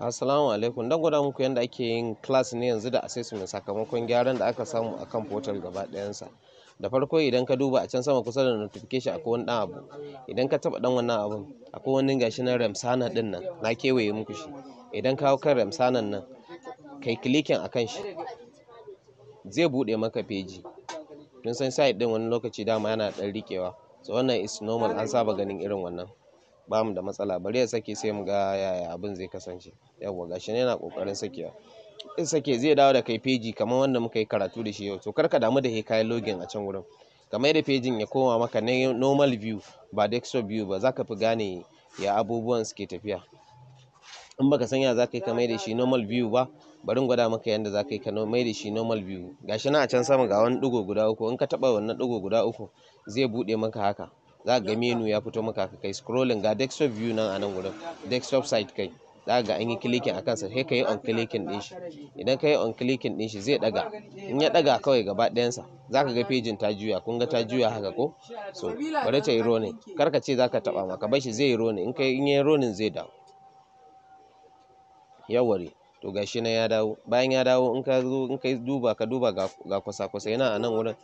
Assalamu alaikum. Dan gwada muku yadda ake yin class ne yanzu da assessment sakamakon gyaran da aka samu akan portal gaba ɗayansa. Da farko idan ka duba a can sama kusa da notification akwai wani ɗan abu. Idan ka taɓa ɗan wannan abun akwai wani gashi na Ramsana ɗin nan na kewaye muku shi. Idan ka hau kan Ramsanan nan kai a akan shi zai buɗe maka feji. Kun san site ɗin wani lokaci dama yana ɗan riƙewa. So wannan is normal an saba ganin irin wannan. ba mu da matsala bari ya sake sai mu ga yaya abin zai kasance yawwa gashi ne yana kokarin sakewa in sake zai dawo da kai feji kamar wanda muka yi karatu da shi yau to kar ka damu da kai login a can wurin kamar da fejin ya koma maka normal view ba desktop view ba zaka fi gane ya abubuwan suke tafiya in baka san ya zaka yi ka da shi normal view ba bari in gwada maka yadda zaka yi ka mai da shi normal view gashi na a can sama ga wani digo guda uku in ka taba wannan digo guda uku zai bude maka haka za ga menu ya fito maka ka kai scrolling ga desktop view nan a nan gudun desktop site kai za ga an yi clicking a kansa sai ka yi on clicking din shi idan ka yi on clicking din shi zai daga in ya daga kawai gaba sa za ka ga pejin ta juya kun ga ta juya haka ko so bari ta yi ronin kar ka ce za ka taɓa maka bar zai yi ronin in ka yi ronin zai dawo yawari to ga shi ya dawo bayan ya dawo in ka zo in ka duba ka duba ga kwasa kwasa yana a nan wurin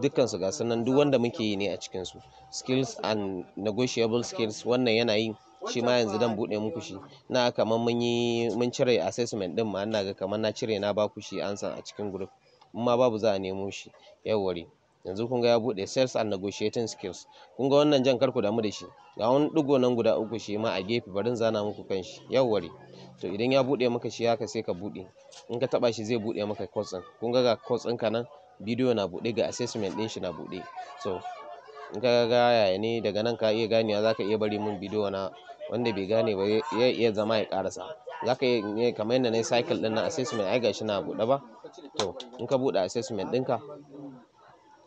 dukkan su ga sunan duk wanda muke yi ne a cikin su skills and negotiable skills wannan yana yi shi ma yanzu dan bude muku shi na kamar mun yi mun cire assessment din ma ina ga kamar na cire na baku shi ansan a cikin group in ma babu za a nemo shi yawware yanzu kun ga ya bude sales and negotiating skills kun ga wannan jan karku damu da shi ga wani digo nan guda uku shi ma a gefe barin zana muku kan shi yawware to idan ya bude maka shi haka sai ka bude in ka taba shi zai bude maka course din kun ga ga course ka nan bidiyo na bude ga assessment din shi na bude so in ka ga yaya ne daga nan ka iya ganewa zaka iya bari mun bidiyo na wanda bai gane ba ya iya zama ya karasa zaka iya eh, kamar yadda na cycle din na assessment ai gashi na bude ba to in ka bude assessment ɗinka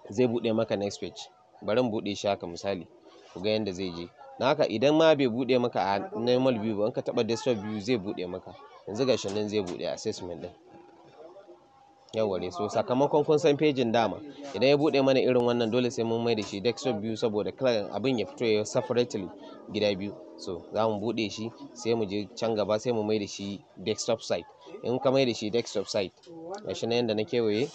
zai buɗe maka next page bari buɗe shi haka misali ku ga yanda zai je na haka idan ma bai buɗe maka a normal view ba in ka taɓa desktop view zai buɗe maka yanzu ga nan zai buɗe assessment ɗin ne so sakamakon kun san pejin dama idan ya buɗe mana irin wannan dole sai mun mai da shi desktop view saboda kalan abin ya fito ya separately gida biyu so za mu buɗe shi sai mu je can gaba sai mu mai da shi desktop site in ka mai da shi desktop site gashi na yanda na kewaye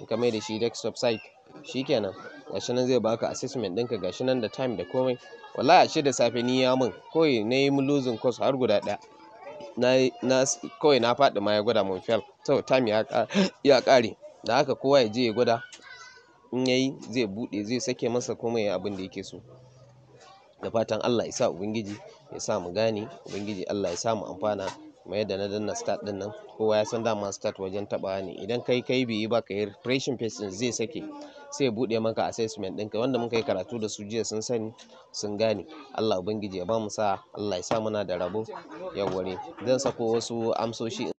in ka mai da shi desktop site shikenan gashi nan zai baka assessment ɗinka gashi nan da time da komai wallahi ashe da safe ni ya min kawai na yi losing course har guda ɗaya na na kawai na faɗi ma ya gwada mun fail so time ya ya ƙare da haka kowa ya je ya gwada in yayi zai bude zai sake masa komai abin da yake so da fatan Allah ya sa ubangiji ya sa mu gane ubangiji Allah ya sa mu amfana kuma da na danna start din nan kowa ya san dama start wajen tabawa ne idan kai kai biyi ba ka yi refreshing pacing zai sake sai bude maka assessment ɗinka wanda muka yi karatu da su jiya sun sani sun gane Allah ubangiji ya ba mu sa Allah ya sa muna da rabo yawware zan sako wasu amsoshi